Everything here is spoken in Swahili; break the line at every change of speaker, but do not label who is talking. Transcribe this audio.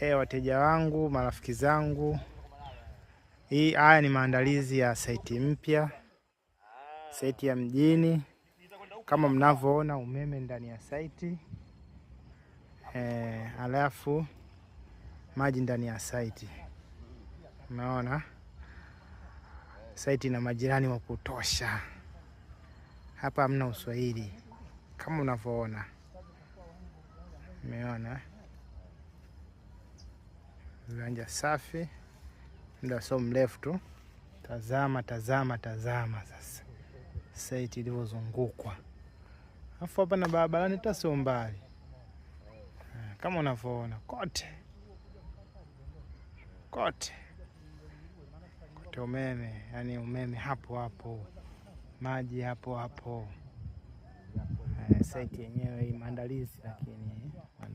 e, wateja wangu, marafiki zangu, hii haya ni maandalizi ya saiti mpya, saiti ya mjini. Kama mnavyoona umeme ndani ya saiti e, alafu maji ndani ya saiti. Unaona saiti ina majirani wa kutosha, hapa hamna uswahili kama unavyoona, umeona. Viwanja safi, muda sio mrefu tu. Tazama, tazama, tazama sasa saiti ilivyozungukwa, alafu hapa na barabarani hata sio mbali kama unavyoona kote kote kote umeme, yani umeme hapo hapo, maji hapo hapo. Saiti yenyewe hii maandalizi, lakini eh,